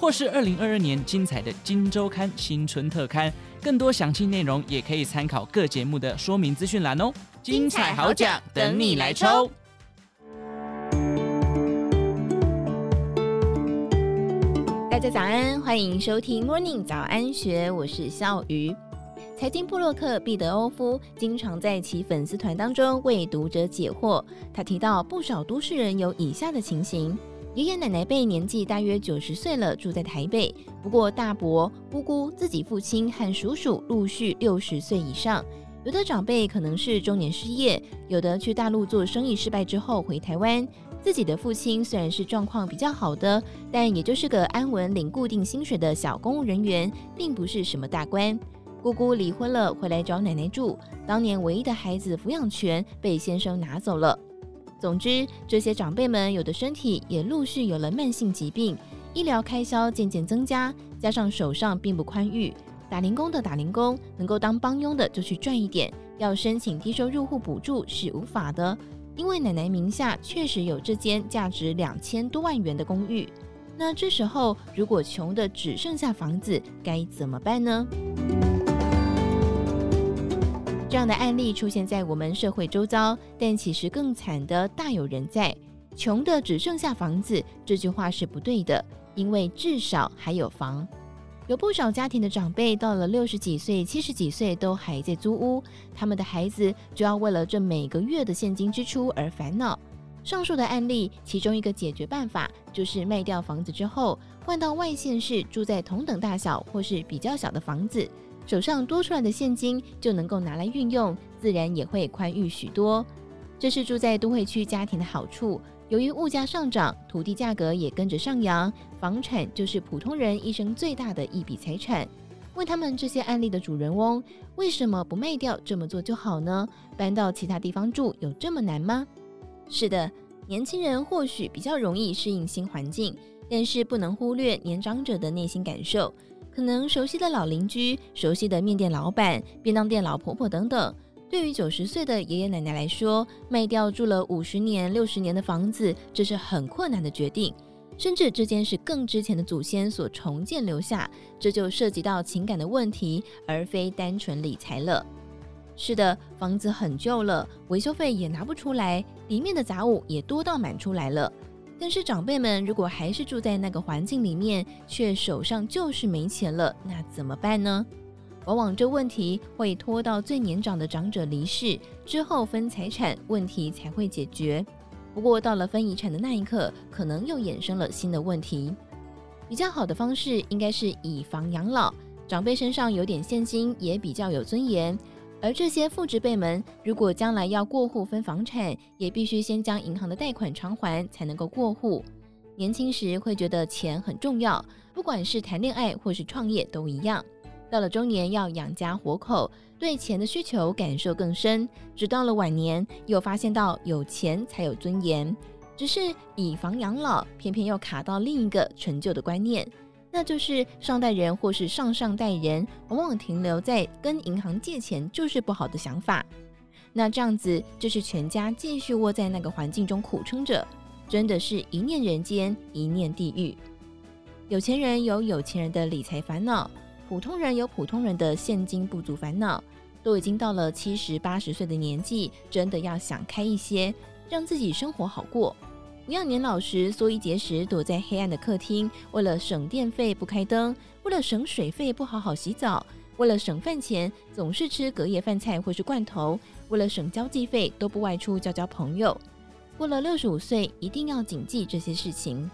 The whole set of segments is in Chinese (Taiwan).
或是二零二二年精彩的《今周刊》新春特刊，更多詳細內容也可以參考各節目的說明資訊欄哦。精彩好獎等你來抽！大家早安，歡迎收聽《Morning 早安學》，我是笑魚。財經部落客畢德歐夫經常在其粉絲團當中為讀者解惑，他提到不少都市人有以下的情形。爺爺奶奶輩年紀大約九十歲了，住在台北。不過大伯、姑姑、自己父親和叔叔陸續六十歲以上。有的長輩可能是中年失業，有的去大陸做生意失敗之後回台灣。自己的父親雖然是狀況比較好的，但也就是個安穩領固定薪水的小公務人員，並不是什麼大官。姑姑離婚了，回來找奶奶住。當年唯一的孩子撫養權被先生拿走了。總之，這些長輩們有的身體也陸續有了慢性疾病，醫療開銷漸漸增加，加上手上並不寬裕，打零工的打零工，能夠當幫傭的就去賺一點。要申請低收入戶補助是無法的，因為奶奶名下確實有這間價值兩千多萬元的公寓。那這時候，如果窮得只剩下房子，該怎麼辦呢？這樣的案例出現在我們社會周遭，但其實更慘的大有人在。窮的只剩下房子，這句話是不對的，因為至少還有房。有不少家庭的長輩到了六十幾歲、七十幾歲都還在租屋，他們的孩子就要為了這每個月的現金支出而煩惱。上述的案例，其中一個解決辦法就是賣掉房子之後，換到外縣市住在同等大小或是比較小的房子。手上多出來的現金就能夠拿來運用，自然也會寬裕許多。這是住在都會區家庭的好處。由於物價上漲，土地價格也跟着上揚，房產就是普通人一生最大的一筆財產。問他們這些案例的主人翁為什麼不賣掉這麼做就好呢？搬到其他地方住有這麼難嗎？是的，年輕人或許比較容易適應新環境，但是不能忽略年長者的內心感受。可能熟悉的老鄰居、熟悉的麵店老闆、便當店老婆婆等等，對於九十歲的爺爺奶奶來說，賣掉住了五十年、六十年的房子，這是很困難的決定。甚至這間是更之前的祖先所重建留下，這就涉及到情感的問題，而非單純理財了。是的，房子很舊了，維修費也拿不出來，裡面的雜物也多到滿出來了。但是長輩們如果還是住在那個環境裡面，卻手上就是沒錢了，那怎麼辦呢？往往這問題會拖到最年長的長者離世之後，分財產問題才會解決。不過到了分遺產的那一刻，可能又衍生了新的問題。比較好的方式應該是以房養老，長輩身上有點現金也比較有尊嚴。而這些父執輩們，如果將來要過戶分房產，也必須先將銀行的貸款償還，才能夠過戶。年輕時會覺得錢很重要，不管是談戀愛或是創業都一樣。到了中年要養家活口，對錢的需求感受更深。直到了晚年，又發現到有錢才有尊嚴，只是以房養老，偏偏又卡到另一個陳舊的觀念。那就是上代人或是上上代人，往往停留在跟銀行借錢就是不好的想法。那這樣子就是全家繼續窩在那個環境中苦撐着，真的是一念人間，一念地獄。有錢人有有錢人的理財煩惱，普通人有普通人的現金不足煩惱，都已經到了七十八十歲的年紀，真的要想開一些，讓自己生活好過。不要年老時縮衣節食，躲在黑暗的客廳，為了省電費不開燈，為了省水費不好好洗澡，為了省飯錢總是吃隔夜飯菜或是罐頭，為了省交際費都不外出交交朋友。過了六十五歲，一定要謹記這些事情。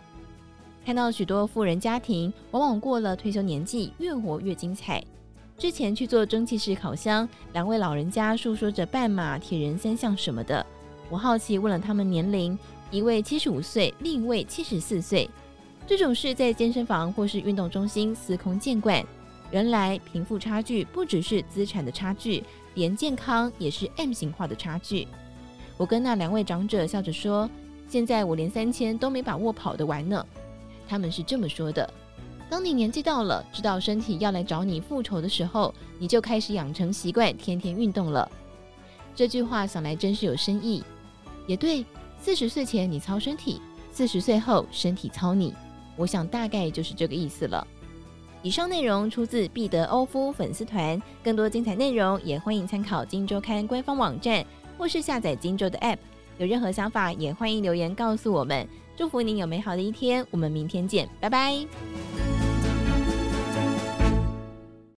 看到許多富人家庭，往往過了退休年紀越活越精彩。之前去做蒸汽式烤箱，兩位老人家訴說着半馬、鐵人三項什麼的。我好奇問了他們年齡。一位七十五歲，另一位七十四歲。這種事在健身房或是運動中心司空見慣。原來貧富差距不只是資產的差距，連健康也是 M 型化的差距。我跟那兩位長者笑着說：“現在我連三千都沒把握跑得完呢。”他們是這麼說的：“當你年紀到了，知道身體要來找你復仇的時候，你就開始養成習慣，天天運動了。”這句話想來真是有深意。也對。四十歲前你操身體，四十歲後身體操你，我想大概就是這個意思了。以上內容出自畢德歐夫粉絲團，更多精彩內容也歡迎參考《今周刊》官方網站或是下載《今周的 App。有任何想法也歡迎留言告訴我們。祝福您有美好的一天，我們明天見，拜拜。